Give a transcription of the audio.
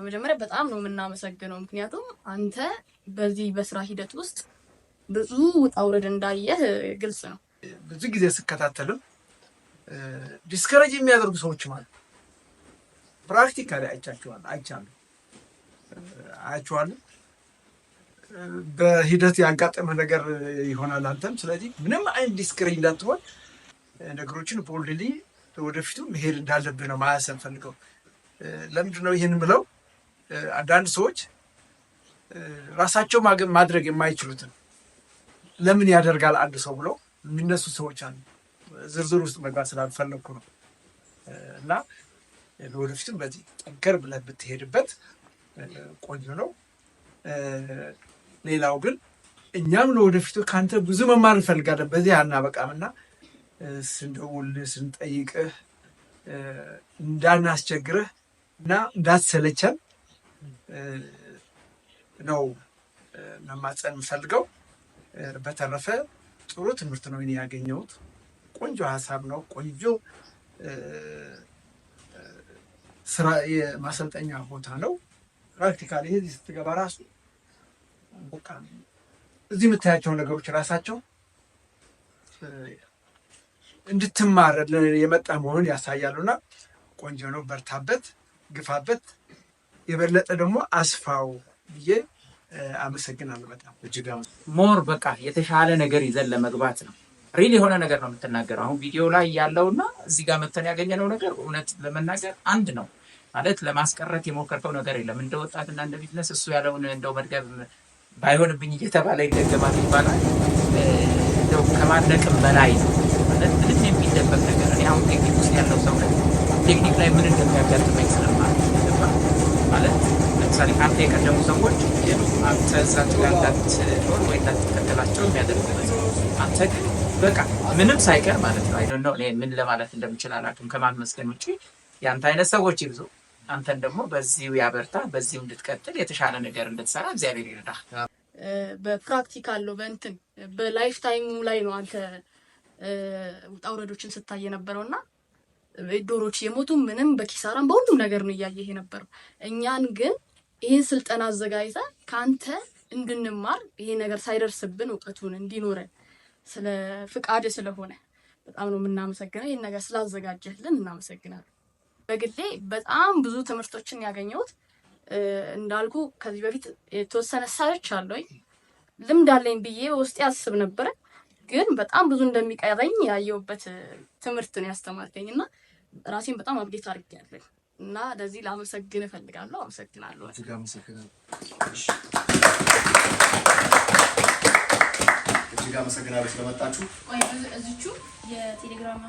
በመጀመሪያ በጣም ነው የምናመሰግነው፣ ምክንያቱም አንተ በዚህ በስራ ሂደት ውስጥ ብዙ ውጣ ውረድ እንዳየህ ግልጽ ነው። ብዙ ጊዜ ስከታተልም ዲስከረጅ የሚያደርጉ ሰዎች ማለት ፕራክቲካሊ አይቻቸዋል አይቻሉ አያቸዋል። በሂደት ያጋጠመ ነገር ይሆናል አንተም። ስለዚህ ምንም አይነት ዲስከሬጅ እንዳትሆን ነገሮችን ቦልድሊ ወደፊቱ መሄድ እንዳለብህ ነው ማያሰን ፈልገው። ለምንድን ነው ይህን ብለው አንዳንድ ሰዎች ራሳቸው ማድረግ የማይችሉትን ለምን ያደርጋል አንድ ሰው ብለው የሚነሱ ሰዎች አሉ። ዝርዝር ውስጥ መግባት ስላልፈለግኩ ነው። እና ወደፊትም በዚህ ጠንከር ብለህ ብትሄድበት ቆንጆ ነው። ሌላው ግን እኛም ለወደፊቱ ከአንተ ብዙ መማር እንፈልጋለን። በዚህ አናበቃም እና ስንደውልህ ስንጠይቅህ እንዳናስቸግርህ እና እንዳትሰለቸን ነው መማፀን የምፈልገው። በተረፈ ጥሩ ትምህርት ነው እኔ ያገኘሁት። ቆንጆ ሀሳብ ነው። ቆንጆ ስራ የማሰልጠኛ ቦታ ነው። ፕራክቲካል ይህ ስትገባ ራሱ በቃ እዚህ የምታያቸው ነገሮች ራሳቸው እንድትማር የመጣ መሆኑን ያሳያሉና ቆንጆ ነው። በርታበት፣ ግፋበት። የበለጠ ደግሞ አስፋው ብዬ አመሰግናለሁ። በጣም እጅጋ ሞር በቃ የተሻለ ነገር ይዘን ለመግባት ነው። ሪል የሆነ ነገር ነው የምትናገረው። አሁን ቪዲዮ ላይ ያለውና እዚህ ጋር መተን ያገኘነው ነገር እውነት ለመናገር አንድ ነው ማለት ለማስቀረት የሞከርከው ነገር የለም። እንደ ወጣትና እንደ ቢዝነስ እሱ ያለውን እንደው መድገብ ባይሆንብኝ እየተባለ ይደገማል ይባላል። እንደው ከማድነቅም በላይ ነው ማለት ምንም የሚደበቅ ነገር እኔ አሁን ቴክኒክ ውስጥ ያለው ሰው ቴክኒክ ላይ ምን እንደሚያጋጥመኝ ስለማለት ማለት ለምሳሌ አንተ የቀደሙ ሰዎች አንተ እሳቸው ጋር እንዳትሆን ወይ እንዳትከተላቸው የሚያደርግ አንተ በቃ ምንም ሳይቀር ማለት ነው። አይደ ነው ምን ለማለት እንደምችል አላውቅም። ከማመስገን ውጭ የአንተ አይነት ሰዎች ይብዙ። አንተን ደግሞ በዚሁ ያበርታ፣ በዚሁ እንድትቀጥል የተሻለ ነገር እንድትሰራ እግዚአብሔር ይረዳ። በፕራክቲካል ነው በእንትን በላይፍ ታይሙ ላይ ነው አንተ ውጣ ውረዶችን ስታይ የነበረው እና ዶሮች የሞቱ ምንም በኪሳራም በሁሉም ነገር ነው እያየህ የነበረው። እኛን ግን ይህን ስልጠና አዘጋጅተ ከአንተ እንድንማር ይሄ ነገር ሳይደርስብን እውቀቱን እንዲኖረን ስለ ፍቃድ ስለሆነ በጣም ነው የምናመሰግነው። ይህን ነገር ስላዘጋጀህልን እናመሰግናለን። በግሌ በጣም ብዙ ትምህርቶችን ያገኘሁት እንዳልኩ ከዚህ በፊት የተወሰነ ሰርች አለኝ ልምድ አለኝ ብዬ በውስጤ አስብ ነበረ። ግን በጣም ብዙ እንደሚቀረኝ ያየውበት ትምህርት ነው ያስተማርከኝ እና ራሴን በጣም አብዴት አድርጌያለሁ እና ለዚህ ላመሰግን እፈልጋለሁ። አመሰግናለሁ። እጅግ አመሰግናለሁ ስለመጣችሁ። እዚቹ የቴሌግራም